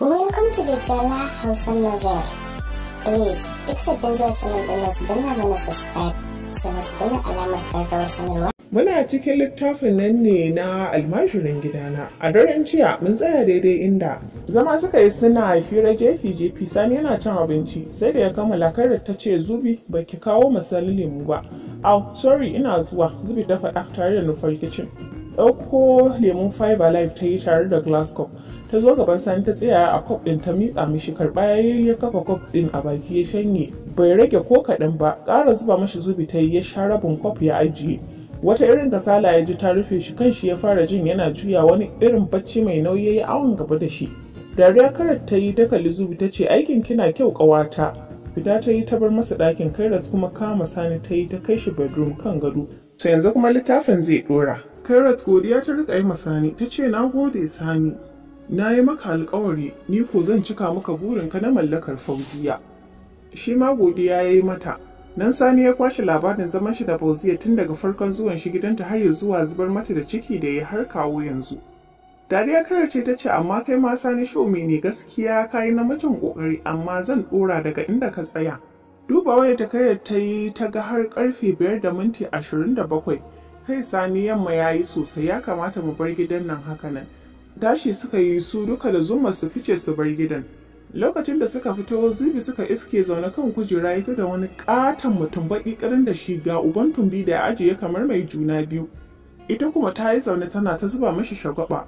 Welcome to the Jala Hausa Novel. Please, duk sabbin zuwa channel din nasu danna mana subscribe sannan su danna alamar karkawar sanarwa. Muna cikin littafin nan ne na almajirin gidana. A daren jiya mun tsaya daidai inda zama suka yi suna fira jefi jefi sani yana cin abinci sai da ya kammala kar ta ce zubi ba ki kawo masalin mu ba. Au, sorry ina zuwa zubi ta faɗa tare da nufar kicin. ɗauko lemun fiber life ta yi tare da glass cup ta zo gaban sani ta tsaya a kwaf ɗin ta miƙa mishi karɓa ya kafa kwaf ɗin a baki ya shanye bai rage ko kaɗan ba ƙara zuba mashi zubi ta yi ya sha rabin kwaf ya ajiye wata irin kasala ya ji ta rufe shi kan shi ya fara jin yana juya wani irin bacci mai nauyi ya yi awon gaba da shi dariya karat ta yi ta kalli zubi ta ce aikin kina kyau ƙawata fita ta yi ta bar masa ɗakin kairat kuma kama sani ta yi ta kai shi bedroom kan gado to yanzu kuma littafin zai ɗora Kairat godiya ta rika yi masani ta ce na gode sani na yi maka alkawari ni ko zan cika maka burinka na mallakar fauziya. Shi ma godiya ya yi mata nan sani ya kwashe labarin zaman shi da fauziya tun daga farkon zuwan shi gidanta har ya zuwa zubar mata da ciki da ya har kawo yanzu. Dariya kare ce ta ce amma kai ma sani shomi ne gaskiya ka yi mutum ƙoƙari amma zan ɗora daga inda ka tsaya. Duba waye ta kai ta yi ta ga har karfe biyar da minti ashirin da bakwai kai sani yamma ya yi sosai ya kamata mu bar gidan nan haka nan tashi suka yi su duka da zuma su fice su bar gidan lokacin da suka fito zubi suka iske zaune kan kujera ita da wani katon mutum baki karin da shi ga uban tumbi da ya ajiye kamar mai juna biyu ita kuma ta yi zaune tana ta zuba mashi shagwaba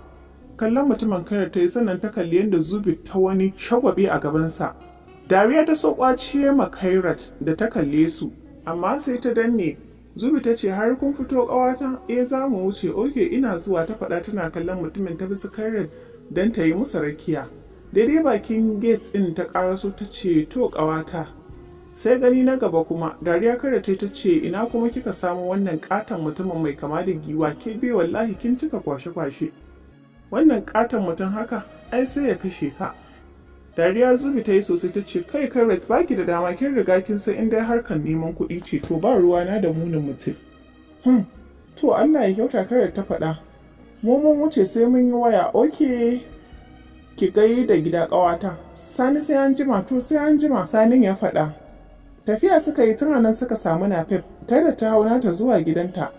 kallon mutumin kare ta yi sannan ta kalli yadda zubi ta wani shagwabe a gabansa dariya ta so kwace makairat da ta kalle su amma sai ta danne Zubi ta ce har kun fito ƙawata E, za mu wuce oke ina zuwa ta faɗa tana kallon mutumin ta bisa karin don ta yi musa rakiya. Daidai bakin gate ɗin ta ƙaraso ta ce to ƙawata. Sai gani na gaba kuma dariya kare ta ta ce ina kuma kika samu wannan katon mutumin mai kama da giwa ke bai wallahi kin cika kwashe-kwashe. Wannan ƙaton mutum haka ai sai ya kashe ka. dariya zubi ta yi sosai ta ce kai karat ba ki da dama kin riga kin san dai harkar neman kuɗi ce to ba ruwa na da munin mutum hmm to allah ya kyauta karat ta faɗa mu mun wuce sai mun yi waya oke ki gai da gida ƙawata sani sai an jima to sai an jima sanin ya faɗa tafiya suka yi tun nan suka samu napep. tare ta hauna ta zuwa gidanta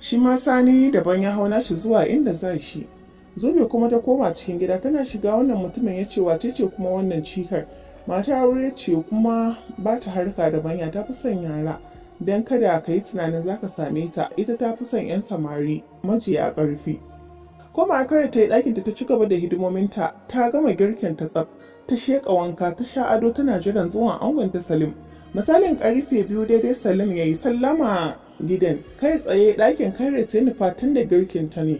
shi ma sani daban ya hauna shi zuwa inda za shi zobe kuma ta koma cikin gida tana shiga wannan mutumin ya ce wace ce kuma wannan cikar matar aure ce kuma ba ta harka da manya ta fi son yara don kada ka yi tunanin za ka same ta ita ta fi son 'yan samari majiya karfi. koma kare ta yi ɗakinta ta ci gaba da hidimominta ta gama girkin ta tsaf ta sheƙa wanka ta sha ado tana jiran zuwan angon ta salim misalin karfe biyu daidai salim ya yi sallama gidan kai tsaye ɗakin kare ta nufa tun da girkin ta ne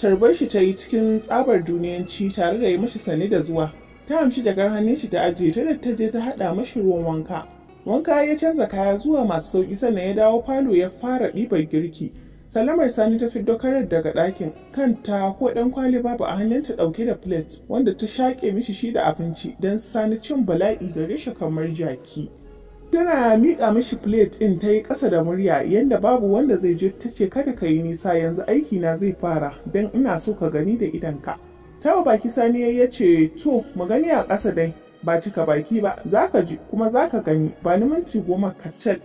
tarbar shi ta yi cikin tsabar duniyanci tare da yi mashi sani da zuwa ta amshi jakar hannun shi ta ajiye ta da ta je ta hada mashi ruwan wanka wanka ya canza kaya zuwa masu sauki sannan ya dawo falo ya fara ɗibar girki salamar sani ta fi karar daga ɗakin kanta ko ɗan kwali babu a hannun ta ɗauke da plate wanda ta shaƙe mishi shi da abinci don sani cin bala'i gare shi kamar jaki tana miƙa mishi plate ɗin ta yi ƙasa da murya yadda babu wanda zai je ta ce kada ka yi nisa yanzu aiki na zai fara don ina so ka gani da idanka ba baki Sani ya ce to mu gani a ƙasa dai ba cika baki ba za ka ji kuma za ka gani ba ni minti goma kacal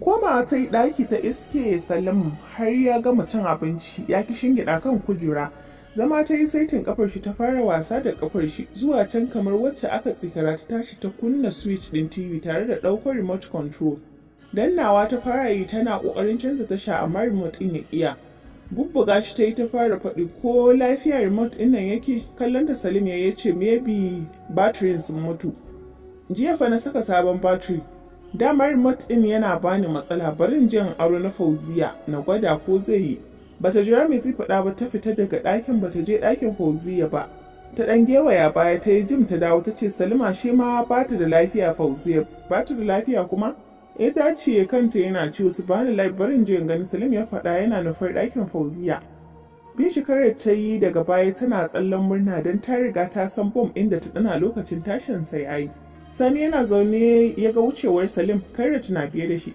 koma ta yi ɗaki ta iske salim har ya gama cin abinci ya ki shingiɗa kan kujera zama ta yi saitin kafar shi ta fara wasa da kafar shi zuwa can kamar wacce aka tsikara ta tashi ta kunna switch din TV tare da ɗaukar remote control. Dan nawa ta fara yi tana ƙoƙarin canza tasha amma remote ɗin ya ƙiya. Bubbuga shi ta yi ta fara faɗi ko lafiya remote ɗin nan yake kallon da Salim ya ce maybe batirin sun mutu. Jiya fa na saka sabon batiri. Dama remote ɗin yana bani matsala barin jin aure na fauziya na gwada ko zai yi bata jira mai zai faɗa ba ta fita daga ɗakin bata je ɗakin fauziya ba ta ɗan gewaya baya ta yi jim ta dawo ta ce salima shi ma ba ta da lafiya fauziya ba ta da lafiya kuma ya eh, dace kanta yana ciwo su ba ni labarin jin gani salim ya faɗa yana nufar ɗakin fauziya bin shekarar ta yi daga baya tana tsallen murna don ta riga ta san bom inda ta ɗana lokacin tashin sai ai sani yana zaune ya ga wucewar salim kai na biye da shi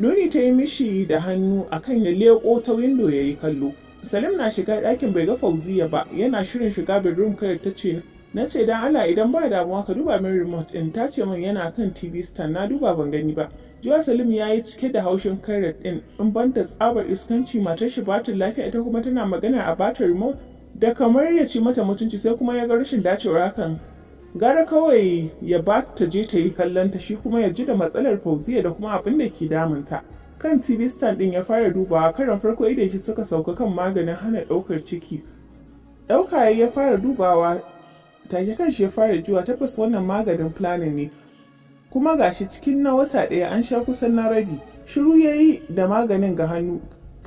nuni ta yi mishi da hannu a kan ya leƙo ta windo ya yi kallo salim na shiga ɗakin bai ga fauziya ba yana shirin shiga bedroom kai ta ce na ce dan allah idan ba damuwa ka duba min remote in ta ce min yana kan tv stand na duba ban gani ba jiwa salim ya yi cike da haushin karat ɗin in ban banta tsabar iskanci matar shi batar lafiya ita kuma tana magana a batar remote da kamar ya ci mata mutunci sai kuma ya ga rashin dacewar hakan gara kawai ya ba ta je ta yi kallon ta shi kuma ya ji da matsalar fauziya da kuma abin da ke damunta kan tv stand din ya fara dubawa karan farko idan shi suka sauka kan maganin hana ɗaukar ciki ɗauka ya fara dubawa take kan shi ya fara juwa tabbas wannan maganin planning ne kuma gashi cikin na wata ɗaya an sha kusan na rabi shiru yayi da maganin ga hannu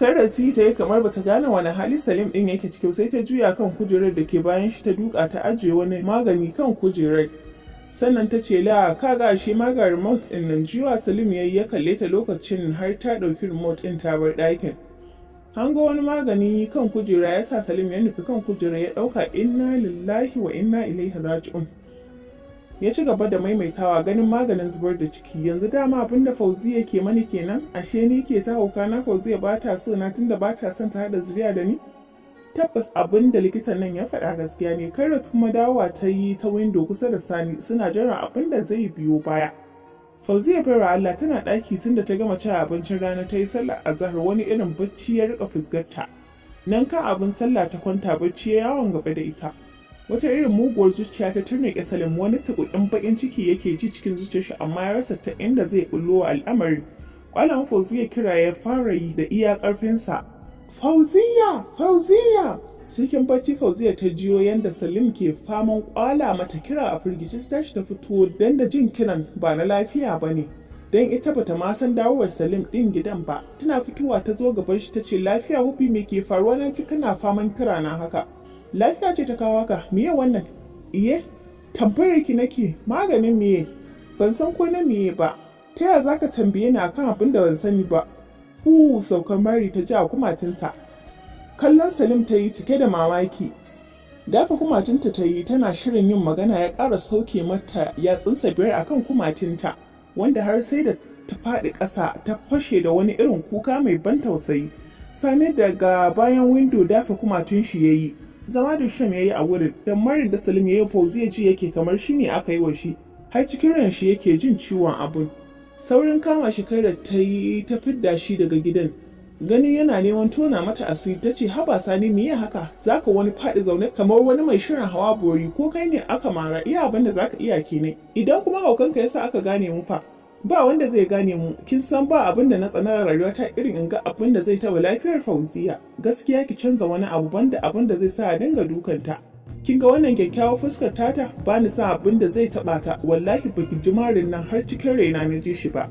Karati ta yi kamar bata gane wani hali Salim ɗin yake cikin sai ta juya kan kujerar da ke bayan shi ta duka ta ajiye wani magani kan kujerar. Sannan ta ce la ga shi maga remote din nan jiwa Salim ya yi ya kalle ta lokacin har ta ɗauki remote ɗin ta bar ɗakin. Hango wani magani kan kujera ya sa Salim ya nufi kan kujera ya ɗauka inna lillahi wa inna ilaihi raji'un. ya ci gaba da maimaitawa ganin maganin zubar da ciki yanzu dama abinda da fauzi ke mani kenan ashe ni ke ta hauka na fauzi ya bata so na tunda bata son ta hada zuriya da ni tabbas abin da likitan nan ya faɗa gaskiya ne karrat kuma dawa ta yi ta windo kusa da sani suna jira abin da zai biyo baya fauzi ya fara Allah tana ɗaki tun da ta gama cin abincin rana ta yi sallah azahar wani irin bacci ya rika fuskarta nan kan abin sallah ta kwanta bacci ya yawon gaba da ita wata irin muguwar zuciya ta turne salim wani taɓuƙin baƙin ciki yake ji cikin zuciyarsa amma ya rasa ta inda zai bullo wa al'amari kwalan fauziya kira ya fara yi da iya ƙarfinsa fauziya fauziya cikin bacci fauziya ta jiyo yadda salim ke faman kwala mata kira a firgici ta tashi ta fito don da jin kiran ba na lafiya ba ne don ita bata ma san dawowar salim ɗin gidan ba tana fitowa ta zo gaban shi ta ce lafiya hufi me ke faruwa na ci kana faman kira na haka lafiya ce ta kawo haka miye wannan iye tambayar ki nake maganin miye ban san ko na miye ba ta yaya zaka tambaye ni akan abin da ban sani ba ku saukar mari ta ji a kumatinta kallon salim ta yi cike da mamaki dafa kumatinta ta yi tana shirin yin magana ya ƙara sauke mata yatsunsa biyar akan kumatinta wanda har sai da ta faɗi ƙasa ta fashe da wani irin kuka mai ban tausayi sani daga bayan windo dafa kumatun shi ya yi zama da sham ya yi a wurin don marin da salim ya yi fauzi ya ce yake kamar shi ne aka yi wa shi har cikin ran shi yake jin ciwon abin saurin kama shi kai da ta yi ta fidda shi daga gidan ganin yana neman tona mata asiri ta ce haba sani mu yi haka za ka wani faɗi zaune kamar wani mai shirin hawa bori ko kai ne aka mara iya abin da zaka iya kenan idan kuma haukanka sa aka gane mu fa ba wanda zai gane mu kin san ba abin da na tsanar rayuwa ta irin in ga abin da zai taba lafiyar fauziya gaskiya ki canza wani abu banda abin da zai sa a dinga dukanta kin ga wannan kyakkyawar fuskar tata ba ni sa abin da zai taba ta wallahi ba ki ji marin nan har cikin raina na ji shi ba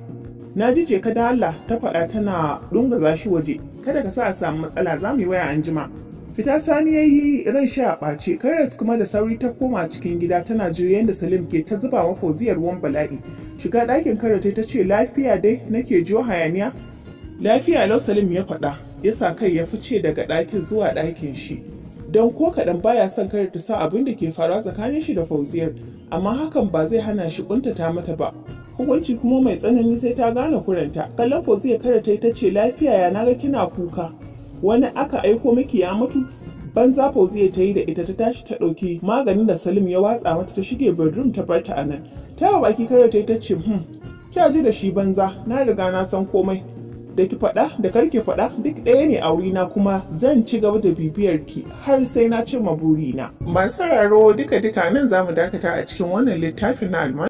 na ji je ka da Allah ta faɗa tana ɗunga zashi waje kada ka sa a samu matsala za mu yi waya anjima Fita Sani ya yi ran sha ɓace, karat kuma da sauri ta koma cikin gida tana juya yadda Salim ke ta zuba wa fauziya ruwan bala'i. Shiga ɗakin Kairat ta ce lafiya dai nake jo hayaniya. Lafiya lau Salim ya faɗa, ya sa kai ya fice daga ɗakin zuwa ɗakin shi. Don ko kaɗan baya son Kairat ta sa abin da ke faruwa tsakanin shi da fauziyar, amma hakan ba zai hana shi ƙuntata mata ba. Hukunci kuma mai tsanani sai ta gane kuranta. Kallon Fauziyar Kairat ta ce lafiya ya naga kina kuka. wani aka aiko miki ya mutu banza zai ta yi da ita ta tashi ta ɗauki maganin da salim ya watsa mata ta shige bedroom ta bar ta a nan ta yawa baki kare ta yi ta ce hmm kya ji da shi banza na riga na san komai da ki faɗa da karki ki faɗa duk ɗaya ne a na kuma zan ci gaba da bibiyar ki har sai na cimma burina. Masu sauraro duka-duka nan zamu dakata a cikin wannan littafin na